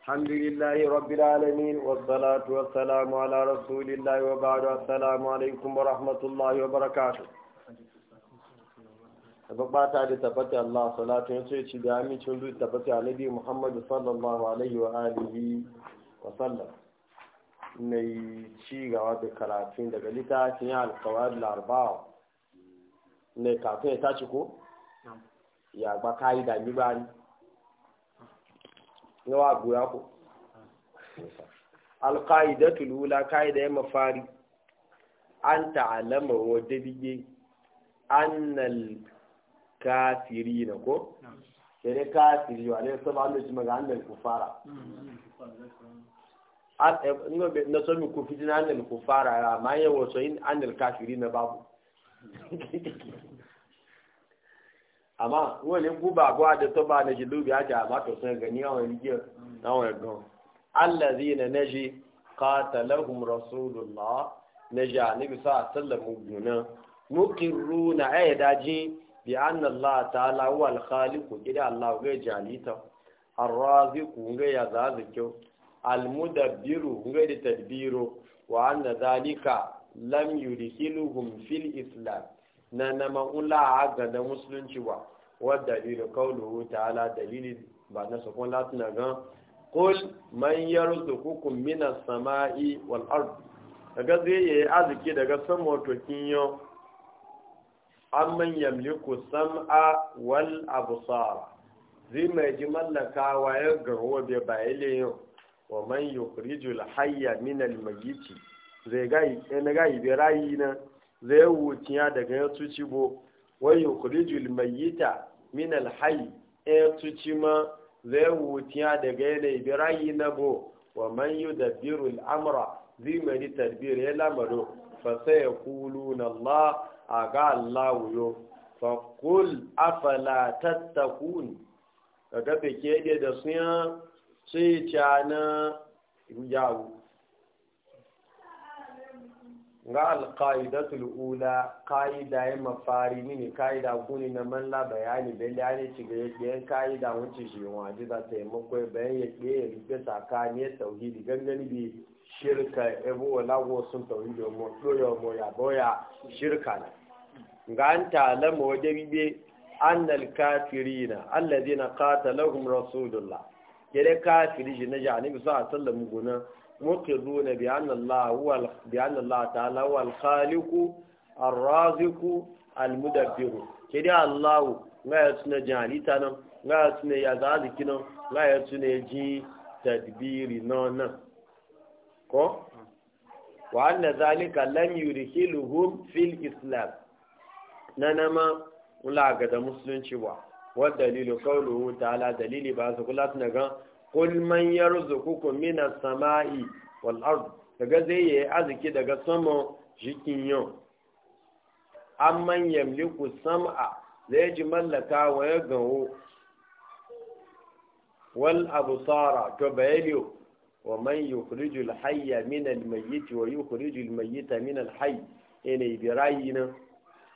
الحمد لله رب العالمين والصلاة والسلام على رسول الله وبعد السلام عليكم ورحمة الله وبركاته tabbata da tabbata Allah salatu ya ce da amincin zuwa tabbata annabi Muhammad sallallahu alaihi wa alihi wa sallam mai ci gaba da karatun daga littafin alkawar larbawa ne kafin ya tashi ko ya ba kayi da ni yawa goya ko alƙa'idatu lula ƙa'ida ya mafari an ta'alama wadda bige annal kafiri na ko? sai dai kafiri wa ne saba an da shi maga annal kufara eh, na so mi kufi jina annal kufara ya ma yawa so yin annal kafiri na babu amma wani guba guwa da to ba na jilu bi aka ba to sun gani yawon rigiyar na wani gan Allah zai na na ji katalahun rasulullah na ji ni bi sallar mu guna mukirru na aya daji bi an Allah ta lawo alkhaliku gida Allah ga jalita arraziku ga ya zazikyo almudabbiru ga da tadbiru wa anna zalika lam yudkhiluhum fil islam na naman ula ga na musulunci ba wadda dalilu kauluhu ta'ala dalili ba na sakon latin ga kul man yarzuqukum minas sama'i wal ard daga zai yi arziki daga motokin to kinyo amman yamliku sam'a wal absara zai mai ji mallaka ya garwa bai bayile yau wa man yukhrijul hayya minal mayyiti zai ga ina ga rayi na zai wuciya daga ya tuci bo wai yukhrijul mayyita min alhayy ya tuci ma zai wuciya daga ya ne birayi na bo wa man yudabbiru birul zai mai tadbir ya lamaro fa sai yaquluna Allah aga Allah wuyo fa qul afala tattakun kaga beke da sunya sai cana ga alƙa'idatul ula ƙa'ida ya mafari mini ƙa'ida kuni na manla bayani da ya ne ci ga yaƙiyen ƙa'ida wuce shi yawan ji za ta yi makwai bayan ya ƙe ya rufe tsakaniyar tauhidi gangan bi shirka ebo walago sun tauhidi mo ɗoyo mo ya boya shirka na ga an talama wajen bibe annal kafirina allazina qatalahum rasulullah kire kafiri shi na ji annabi sallallahu alaihi wasallam gona muqiduna bi anna Allah huwa bi anna Allah ta'ala huwa al-khaliqu ar-raziqu al-mudabbir kidi Allah ngaya tuna jalita nan ngaya tuna ya zaliki nan ngaya tuna ji tadbiri nan ko wa anna zalika lam yudkhiluhum fil islam nanama ula ga da musulunci ba wa dalilu qawluhu ta'ala dalili ba su kula tuna ga kul man yarzuqukum as sama'i wal ard daga zai yi arziki daga sama jikin yau amman yamliku sam'a zai ji mallaka wa ya gawo wal absara to bayaliyo wa man yukhrijul hayya min al mayyit wa yukhrijul mayyita min al hayy ene ibirayina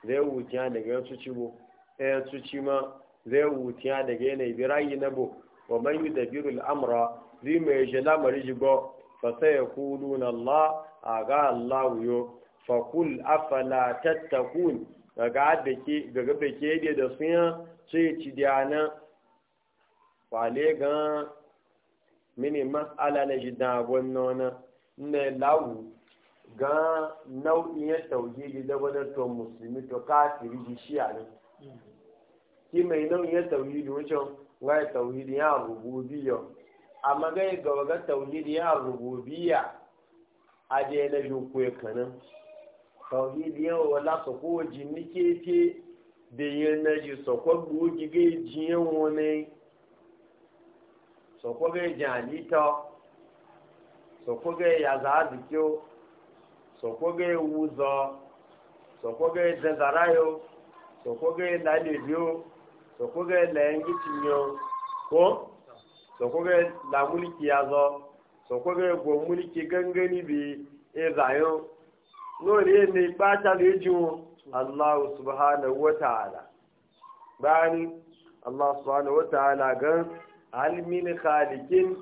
zai wuciya daga su cibo eh su cima zai wuce daga ene ibirayina bo wa man yudabbiru al-amra zi mai shi mari jigo fa sayaquluna Allah aga Allah yo fa kul afala tattakun daga da ke daga bake da sunya sai ci dana kwale ga mini mas'ala na jidan gonnona ne lawu gan nau'in ya tauhidi da wadar to musulmi to kafiri shi a ne mm. ki mai nau'in ya tauhidi wucin ngai tauhidi ya rububiyya amma gai gaba ga tauhidi ya rububiyya a je na juku ya kanin tauhidi ya wala su ko jini keke da yi na ji sokwa gogi gai jiyan ga sokwa gai jalita sokwa gai ya zaɗi kyau sokwa gai wuzo sokwa yo zanzarayo sokwa gai lalibiyo so ko ga layan gicin yau ko so ko la mulki ya zo so ko go mulki gangani bi e zayo no ne ne ba ta le jiwo Allah subhanahu wa ta'ala bani Allah subhanahu wa ta'ala ga hal min khaliqin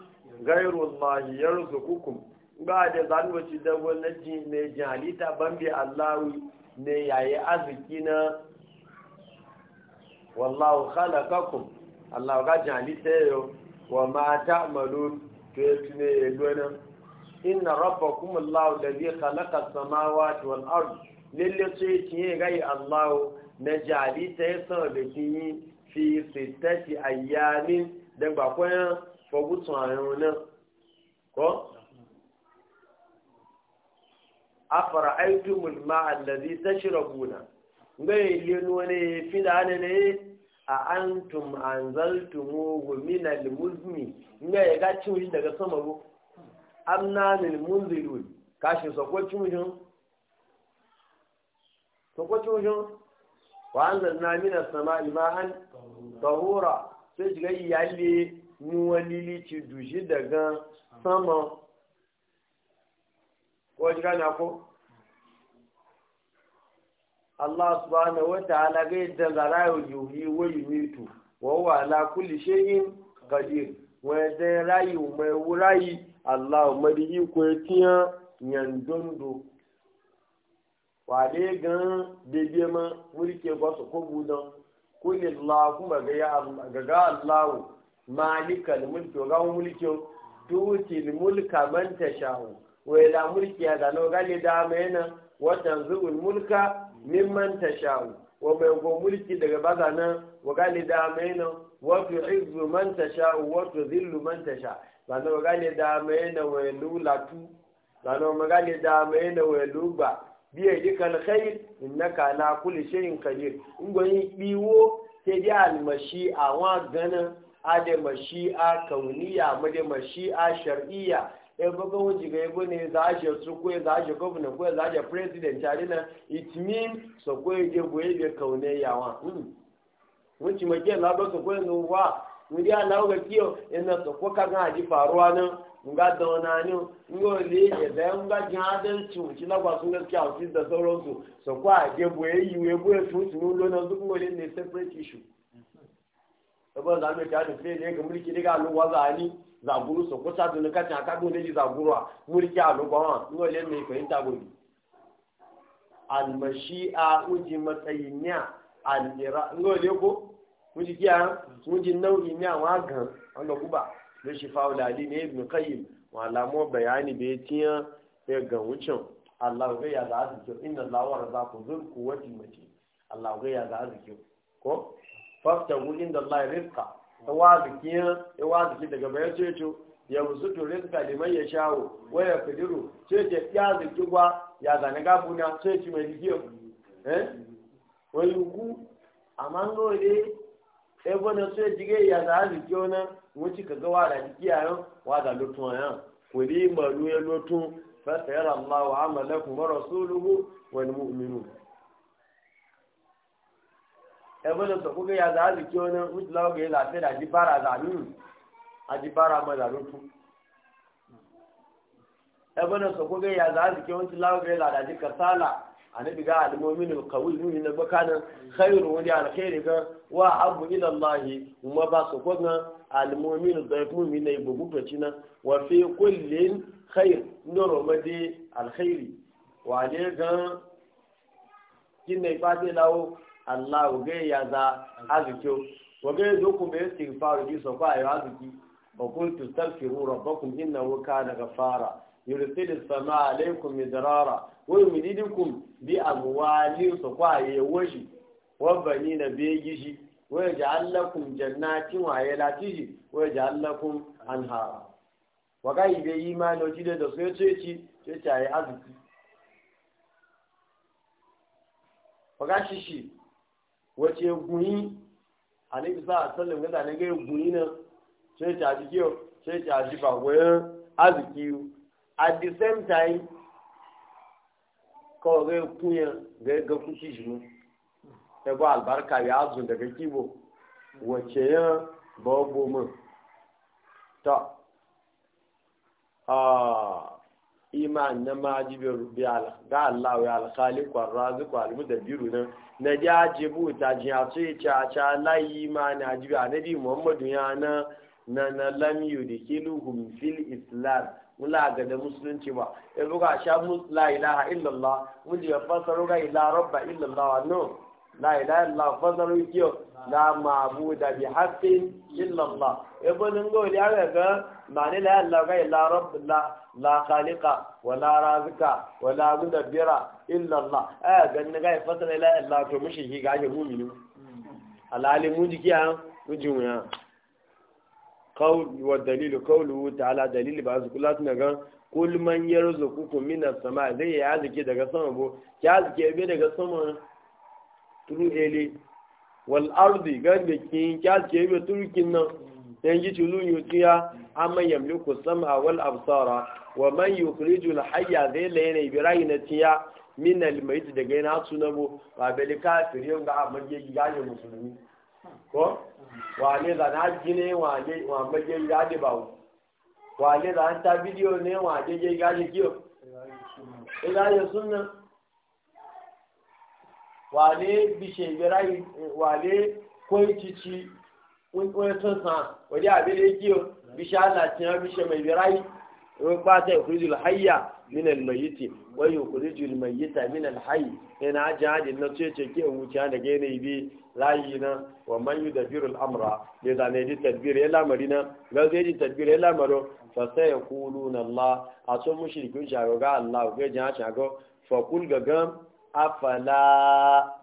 ghayru Allah yarzuqukum ba da zanwaci da wannan ne ta bambe Allah ne yayi arziki na wallahu khalaqakum Allah ga jali tayo wa ma ta'malun to tune yegona inna rabbakum Allah alladhi khalaqa as-samawati wal ard lille ce tiye gai Allah na jali tayo so da kini da sittati ayyamin dan ba koyan fogutun ayona ko afara'aytumul ma'a alladhi tashrabuna ngai lenu wani fida ne ne a antum anzaltumuhu min almuzni ngai ga cin daga sama go amna lil munzirun kashi sako cin ko cin wa anzalna min as-sama'i ma'an tahura sai shiga yalle ni wani lici dushi daga sama ko jiga na ko Allah subhanahu wa ta'ala ga yadda zara ya yuhi wa yumitu wa huwa ala kulli shay'in qadir wa yadda rayu mai wurayi Allah madihi ko tiya yandondo wa de gan bebe ma wurike ba su ko budan kulli Allah kuma ga ya ga ga Allah malikal mulki ga mulki Tuti mulka man tasha'u wa ila mulki ya da no gale da mai wa tanzuul mulka mimman tasha'u wa mai go mulki daga baza nan wa gane da mai nan wa tu izzu man tasha'u wa tu zillu man tasha Ba na gane da mai nan wa latu ba na gane da mai nan wa luba biya dikal khair innaka ala kulli shay'in qadir ngoni biwo sai dai almashi a wa gana ade mashi'a kauniya made mashi'a shar'iyya ebe ga wuce ga ebe ne za a su gọvanọ za a shi prezident ko na it mean so ko ya je boye da kaune yawa hmm. wuce ma ke labo na ko yanzu wa wuri a lawo ga kiyo ina so ko kan haji nga da wani nga ole ya da yan ga jin adalci wuce lagwa sun gaskiya wuce nulo na duk ngole ne separate issue. Saboda zamu ga alụ zaguru so ko sadu ne kati aka gun deji zaguru a muri kya lo ba wan ngo le mi ko inta gobi al mashi'a uji matsayinya al ira ngo le ko uji kiya uji nau'i nya wa gan wanda kuba lo fa faula ali ne ka yi wa alamo bayani be tiya be gan wucin Allah ga ya za su ki inna Allah wa razaqu zul quwwati matin Allah ga ya za su ki ko inda Allah rizqa ta waziki daga bayan ceto ya musu turin kalimai ya shawo waya fidiru sai ya ziki gwa ya zane gabuna eh? sai ci mai jikiyo eh wani ku amma ngode sai na sai jige ya za a ziki wani ka gawa da jiki a yau wa da ya kuri di maru ya lutun fasa yara Allah wa wani wa ẹgbẹ́lẹ̀ sọ pé ya zaa lè kí wọn náà wíjì láwọn gẹ̀ẹ́ láti ẹ̀dá àdìbára zàmì àdìbára mọ zàmì tú ẹgbẹ́lẹ̀ sọ pé ya zaa lè kí wọn ti láwọn gẹ̀ẹ́ láti àdì kasala ànábi ká ni kàwé ìlú yìí nàgbẹ́ kánà xeyìrì wọn di àlùkẹ́rì gan abu ilà láàyè wọn bá sọ pé gan àlùmọ́mí ni zọ̀ẹ́kùn mi na ìbòmú pẹ̀tì náà wà fi kó lè xeyìr ndọ̀rọ̀ ọmọdé àlùkẹ́rì wà lé gan kí nà ìfá Allah oge ya za azuki oge doku mai ji so sokwa ayo azuki wa kuntu astaghfiru rabbakum innahu kana ghafara yursilu samaa alaykum midrara wa yumdidukum bi amwalin sokwa ayo washi wa banina bi gishi wa yaj'al lakum jannatin wa yalatihi wa yaj'al lakum anhara wa ga ibe imani ojide do so yace ci yace ayi azuki wa ga wace guni a nufi bisa a sallin gada ne gaya guni na sai ta ji kiyo ce ta ji ba goyon arziki at the same time kawai ga kunya gaya ga kushi shi ne, ta ba albarka ya azu daga kibo wace ya babu mu ta ah iman na maji ga Allah ya alkhali kwarrazu kwalimu da biru nan na ji ajibu ta ji a ce caca layi ma na ajibu a nabi muhammadu ya na na na lamiyu da fil islam mula ga da musulunci ba ya buga sha la ilaha illallah mun ji ya fasa ga ila rabba illallah no la ilaha illa fadaru kiyo la da bi haqqin illa Allah ibn ngo ya ga ni la ilaha ga illa rabb la khaliqa wa la razika wa la mudabbira illa Allah eh ganni ga fadara la ilaha to mushi ki ga mu'minu alali mu jiki ha mu ya qawl wa dalil qawluhu ta'ala dalil ba zukulat na ga kul man yarzuqukum minas sama zai ya zike daga sama bo ya zike be daga sama turu ele wal ardi gan da kin kyal ke be turkin nan yan ji tulu yutiya amma yamliku sam'a wal absara wa man al hayya zai layne bi rayinatiya min al mayt daga yana sunabo ba bele kafir yau ga amma je gidaje musulmi ko wale da na jine wale wa maje gidaje ba wale da ta bidiyo ne wa je gidaje kiyo ila ya sunna wale bishegirai eh, wale kwancici kwancin sa wani abin da yake bishe Allah cin ya bishe mai birai in ba ta yukuri hayya min almayiti wa yukuri almayita min alhayy ina ajin hajin na ce ke ke wuciya da gane bi layi na wa man yudabbiru al'amra da zane ji tadbir ya lamari na ga zai ji tadbir ya lamaro fa sai ya kulu na Allah a sun mushrikin shagoga Allah ga jin hajin fa kul ga gam afala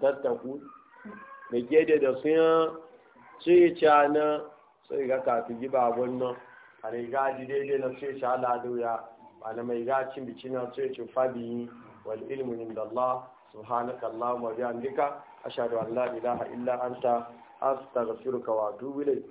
tattaku da gede da sun ceca na sai ga kafin giba abun nan a da daidai na ceca ladoya ba na mai gacin bici na cecin fabiyi wal ilmin inda Allah subhanaka Allah wa bihamdika ashhadu an la ilaha illa anta astaghfiruka wa atubu ilayk